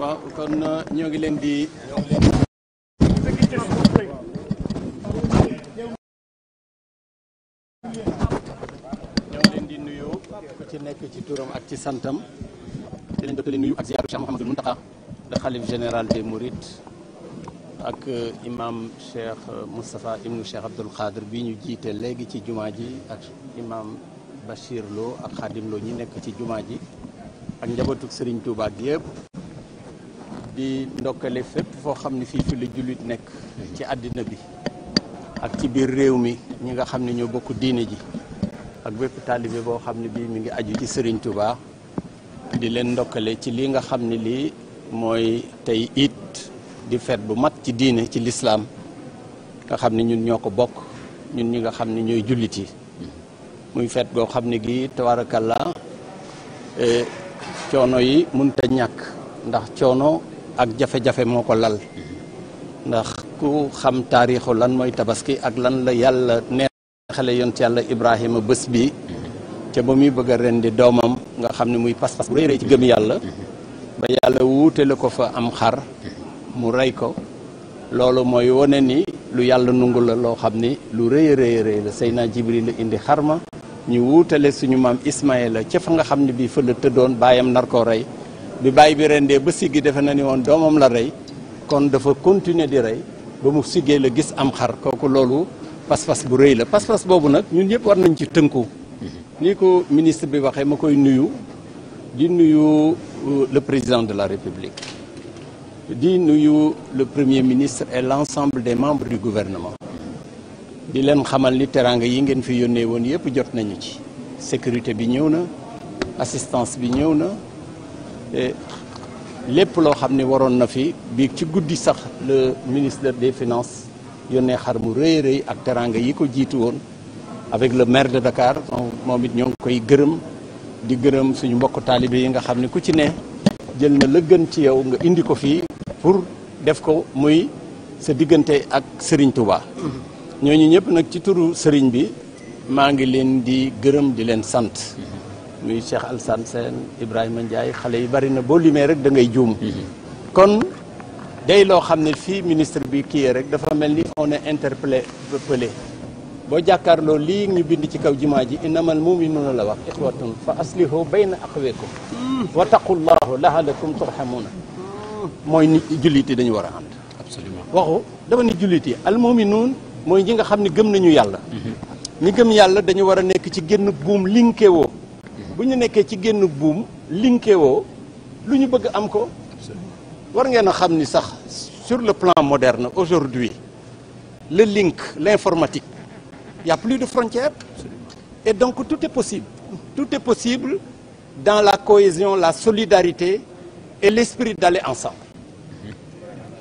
waaw ñoo ngi leen di ñoo ngi ci nekk ci turam ak ci santam di leen jottali nuyu ak ziaru da xalif général des Mourides ak imam Cheikh Moustapha ibnu Cheikh Abdoul Khadir bi ñu jiite léegi ci jumaa ji ak imam Bachir Lo ak Khadim ñi nekk ci jumaa ji ak njabootuk sëriñ Touba yépp yëpp di ndokkale fépp foo xam ne fii fi la jullit nekk ci àddina bi ak ci biir réew mi ñi nga xam ne ñoo bokk diine ji ak bépp taalibe boo xam ne bii mi ngi aju ci sëriñ Touba di leen ndokkale ci lii nga xam ne lii mooy tey it di feet bu mat ci diine ci lislaam nga xam ne ñun ñoo ko bokk ñun ñi nga xam ni ñooy jullit yi muy feet goo xam ne gi tabarakallaa eh, coono yi mënut a ñàkk ndax coono ak jafe-jafe moo ko lal ndax ku xam taarixu lan mooy tabaski ak lan la yàlla neexale yonent yàlla Ibrahima bés bi ca ba muy bëgg a rendi doomam nga xam ne muy pas-pas bu rëy ci gëm yàlla ba yàlla wuute la ko fa am xar mu rey ko loolu mooy wone ni lu yàlla nungu la loo xam ni lu rëy a rëy la Seydina Jibril la indi xarma ñu wuutale suñu maam Ismaïla ca fa nga xam ne bii fa la tëddoon baayam nar koo rey bi baay bi rendee ba siggi defe na ni woon doomam la rey kon dafa continuer di rey ba mu siggee la gis am xar kooku loolu pas-pas bu rëy la pas-pas boobu nag ñun ñëpp war nañ ci tënku mhm. nii ko ministre bi waxee ma koy nuyu di nuyu euh, le président de la république di nuyu le premier ministre et l'ensemble des membres du gouvernement di leen xamal ni teraanga yi ngeen fi yónnee woon yëpp jot nañu ci sécurité bi ñëw na assistance bi ñëw na lépp loo xam ne waroon na fi bi ci guddi sax le ministre des finances yónnee xar mu rëy rëy ak teraanga yi ko jiitu woon avec le maire de Dakar moom it ñoo ngi koy gërëm di gërëm suñu mbokk taalibe yi nga xam ne ku ci ne jël na la gën ci yow nga indi ko fii pour def ko muy sa diggante ak Serigne Touba. ñooñu ñëpp nag ci turu sëriñ bi maa ngi leen di gërëm di leen sant muy Cheikh Alassane Sène Ibrahima Ndiaye xale yi bari na boo limee rek da ngay juum kon day loo xam ne fii ministre bi kii rek dafa mel ni on est interpellé boo jàkkaarloo lii ñu bind ci kaw jumaa ji innamal muminuuna la wax ixwatun fa aslihu bayna axweekum wa taqullahu laalakum turhamuuna mooy nit jullit yi dañu war a ànd waxu dafa ni jullit yi al muminuun mooy ñi nga xam ni gëm nañu yàlla ñi gëm yàlla dañu war a nekk ci génn buum linké woo bu ñu nekkee ci génn buum linké woo lu ñu bëgg am ko war ngeen a xam ni sax sur le plan moderne aujourd'hui le link l'informatique il y a plus de frontières et donc tout est possible tout est possible dans la cohésion la solidarité et l'esprit d'aller ensemble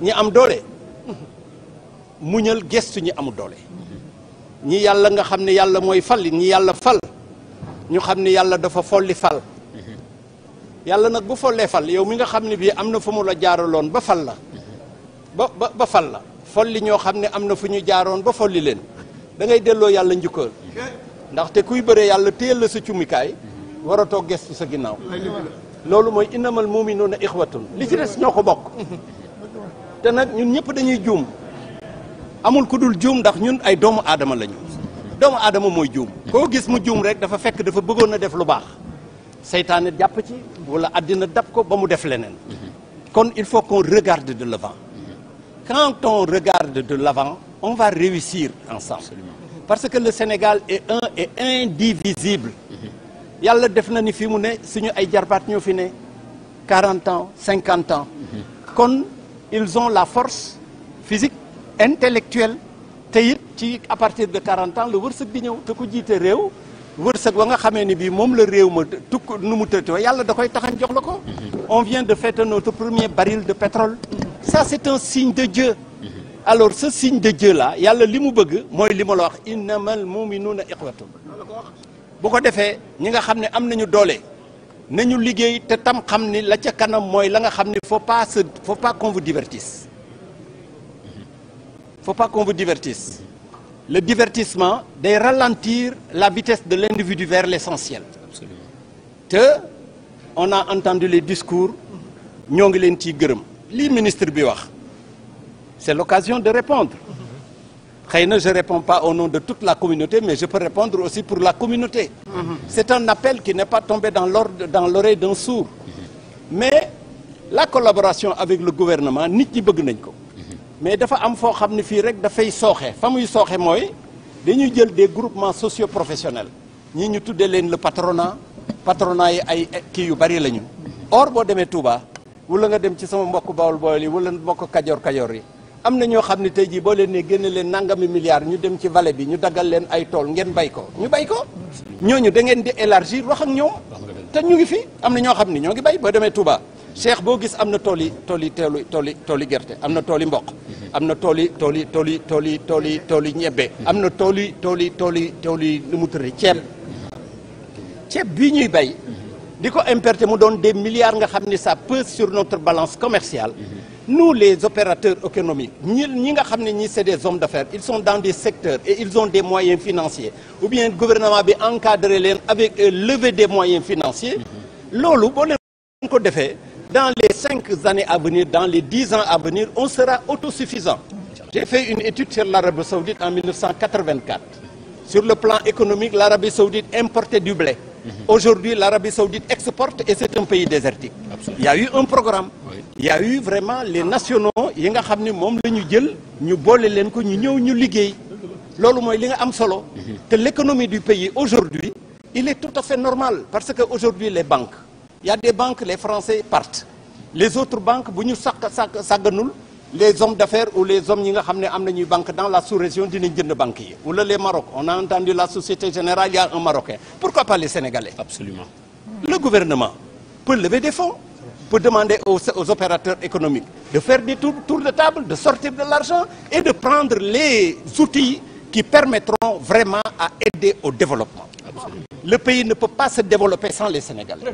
ñi am doole muñal gestu ñi amul doole ñi yàlla nga xam ne yàlla mooy fal ñi yàlla fal ñu xam ne yàlla dafa folli fal yàlla nag bu follee fal yow mi nga xam ne bii am na fu mu la jaaraloon ba fal la ba ba ba fal la folli ñoo xam ne am na fu ñu jaaroon ba folli leen da ngay delloo yàlla njukkal ndaxte kuy bëree yàlla téyel la sa cumikaay war a toog gestu sa ginnaaw loolu mooy innamal muminuuna ixwatun li ci des ñoo ko bokk te nag ñun ñëpp dañuy juum amul ku dul juum ndax ñun ay doomu aadama lañu doomu aadama mooy juum koo gis mu juum rek dafa fekk dafa bëggoon a def lu baax seytaane jàpp ci wala àddina dab ko ba mu def leneen kon il faut qu'on regarde de l'avant quand on regarde de l'avant on va réussir ensemble parce que le Sénégal est un et indivisible yàlla def na ni fi mu ne suñu ay jarbaat ñoo fi ne quarante ans cinquante ans mhm. kon ils ont la force physique intellectuel te it ci à partir de 40 ans la wërsëg bi ñëw te ko jiite réew wërsëg wa nga xamee ni bii moom la réew ma tukk nu mu tëtoo yàlla da koy taxañ jox la ko mhm. on vient de fêter notre premier baril de pétrole sa c'est un signe de mhm. alors sa signe de Dieu là yàlla li mu bëgg mooy li ma la wax ma moom innamal muminuuna ixwatu boo ko defee ñi nga xam ne am nañu doole nañu liggéey te tam xam ni la ca kanam mooy la nga xam ni foo pas se faut pas qu'on faut pas qu'on vous divertisse le divertissement day ralentir la vitesse de l'individu vers l'essentiel te on a entendu les discours ñoo ngi leen ciy gërëm lii ministre bi wax c'est l'occasion de répondre xëy na je réponds pas au nom de toute la communauté mais je peux répondre aussi pour la communauté mm-hmm. c'est un appel qui n'est pas tombé dans l'ordre dans l'oreille d'un sourd mm-hmm. mais la collaboration avec le gouvernement nit ñi bëgg nañ ko mais dafa am foo xam ne fii rek dafay sooxe fa muy sooxe mooy dañuy jël des groupements professionnel ñi ñu tuddee leen le patronat patronat yi ay kii yu bari lañu. or boo demee Touba wala nga dem ci sama mbokk Bawol Bawol yi wala mbokk Kajoor Kajoor yi am na ñoo xam ne tey jii boo leen génnee génne leen nangami milliards ñu dem ci vallée bi ñu daggal leen ay tool ngeen bay ko ñu bay ko. ñooñu da ngeen di élargir wax ak ñoom. te ñu ngi fi am na ñoo xam ne ñoo ngi bay boo demee Touba. cheikh boo gis am na tool yi tool yi tool tool tool yi gerte am na tool yi mboq am na tool yi tool yi tool yi tool yi tool yi tool yi ñebbe am na tool yi tool yi tool yi tool yi nu mu tëddee ceeb ceeb bii ñuy bay di ko importé mu doon des milliards nga xam ne sa pèse sur notre balance commerciale nous les opérateurs économiques ñi ñi nga xam ne ñi c'est des hommes d'affaires ils sont dans des secteurs et ils ont des moyens financiers ou bien gouvernement bi encadré leen avec lever des moyens financiers loolu boo ko defee dans les cinq années à venir, dans les dix ans à venir, on sera autosuffisant. J'ai fait une étude sur l'Arabie saoudite en 1984. Sur le plan économique, l'Arabie saoudite importait du blé. Mm -hmm. Aujourd'hui, l'Arabie saoudite exporte et c'est un pays désertique. Absolument. Il y a eu un programme. Il y a eu vraiment les nationaux yi nga xam ne moom la ñu jël ñu boole leen ko ñu ñëw ñu liggéey loolu mooy li nga am solo. Mhm. te l'économie du pays aujourd'hui il est tout à fait normal parce que aujourd'hui les banques y des banques les Français partent les autres banques bu ñu sàq sàq sàgganul les hommes d'affaires ou les hommes ñi nga xam ne am nañuy banque dans la sous-région dinañ jënd banque yi wala les Maroc on a entendu la Société Générale y a un Marocain pourquoi pas les Sénégalais le gouvernement peut lever des fonds peut demander aux, aux opérateurs économiques de faire des tours, tours de table de sortir de l'argent et de prendre les outils qui permettront vraiment au développement le pays ne peut pas se développer sans les Sénégalais.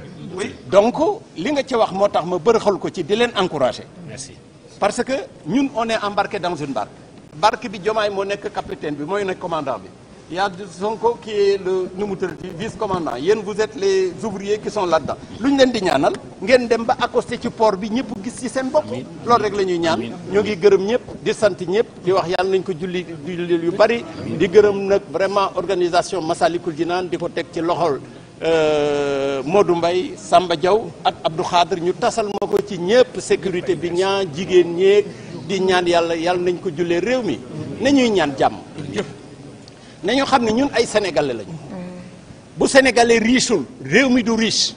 donc li nga ci wax moo tax ma bërëxal ko ci di leen encourager. merci parce que ñun on est embarqué dans une barque. barque bi Diomaye moo nekk capitaine bi mooy nekk commandant bi. il y a Sonko qui le nu mu tëddati vice commandant yéen vous êtes les ouvriers qui son là-dedans lu ñu leen di ñaanal ngeen dem ba accosté ci port bi ñëpp gis ci seen bopp loolu rek la ñuy ñaan ñoo ngi gërëm ñëpp di sant ñëpp di wax yàlla nañ ko julli julli yu bari di gërëm nag vraiment organisation Massalikul naan di ko teg ci loxol euh, Modou mbay Samba Diaw ak Abdou Khadr ñu tasal ma ko ci ñëpp sécurité bi ñaa jigéen ñeeg di ñaan yàlla yàlla nañ ko jullee réew mi nañuy ñaan jàmm ñu xam ne ñun ay sénégalais lañu. bu sénégalais riisul réew mi du riche.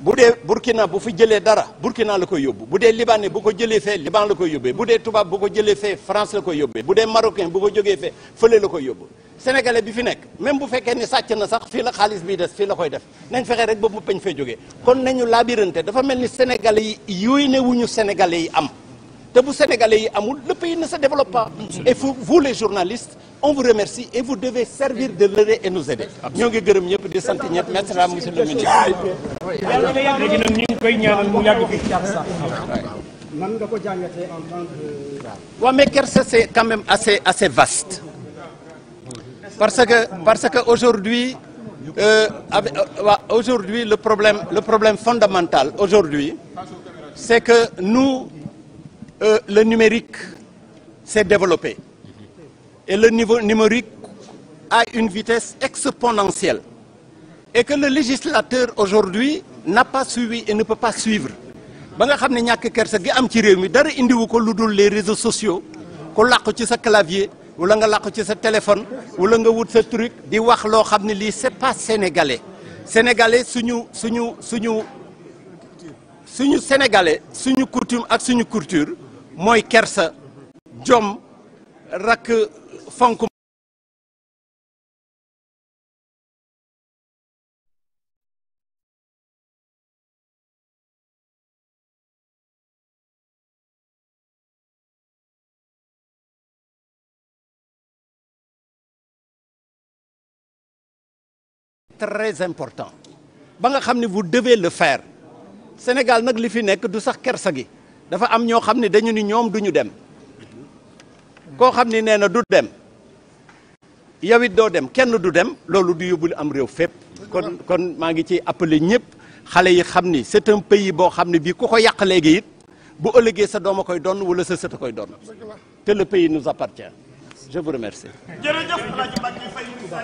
bu dee Burkina bu fi jëlee dara Burkina la koy yóbbu bu dee Libanais bu ko jëlee fee Liban la koy yóbbee bu dee tubaab bu ko jëlee fee France la koy yóbbee bu dee marocain bu ko jógee fee fële la koy yóbbu sénégalais bi fi nekk même bu fekkee ni sàcc na sax fii la xaalis bi des fii la koy def nañ fexe rek ba mu peñ fee jógee kon nañu laabirante dafa mel ni sénégalais yi yooyu ne wuñu yi am. te bu sénégalais yi amul le pays ne se développe pas et vous les journalistes on vous remercie et vous devez servir de relais et nous aider ñoo ngi gërëm ñëpp sant ñëpp merci beaucoup monsieur nga ko jàngatee en tant que. waaw mais Kersa c'est quand même assez vaste parce que parce que aujourd'hui euh, euh le problème le problème fondamental aujourd'hui c'est que nous euh, le numérique s'est développé. Et le niveau numérique a une vitesse exponentielle. Et que le législateur aujourd'hui n'a pas suivi et ne peut suivre. ba nga xam ne ñàkk kersa gi am ci réew mi dara indiwu ko lu dul les réseaux sociaux ko làqu ci sa clavier wala nga làqu ci sa téléphone wala nga wut sa truc di wax loo xam ne lii c'est pas sénégalais sénégalais suñu suñu suñu suñu sénégalais suñu coutume ak suñu culture mooy kersa jom très important ba nga xam ni vous devez le fair Sénégal nag li fi nekk du sax kersa gi dafa am ñoo xam ne dañu ni ñoom duñu dem koo xam ni nee na du dem yow it doo dem kenn du dem loolu du yóbbul am réew fépp kon kon maa ngi ci appelé ñëpp xale yi xam ni c'est un pays boo xam ne bii ku ko yàq léegi it bu ëllëgee sa doom a koy doon wala sa sët koy doon te le pays nous appartient je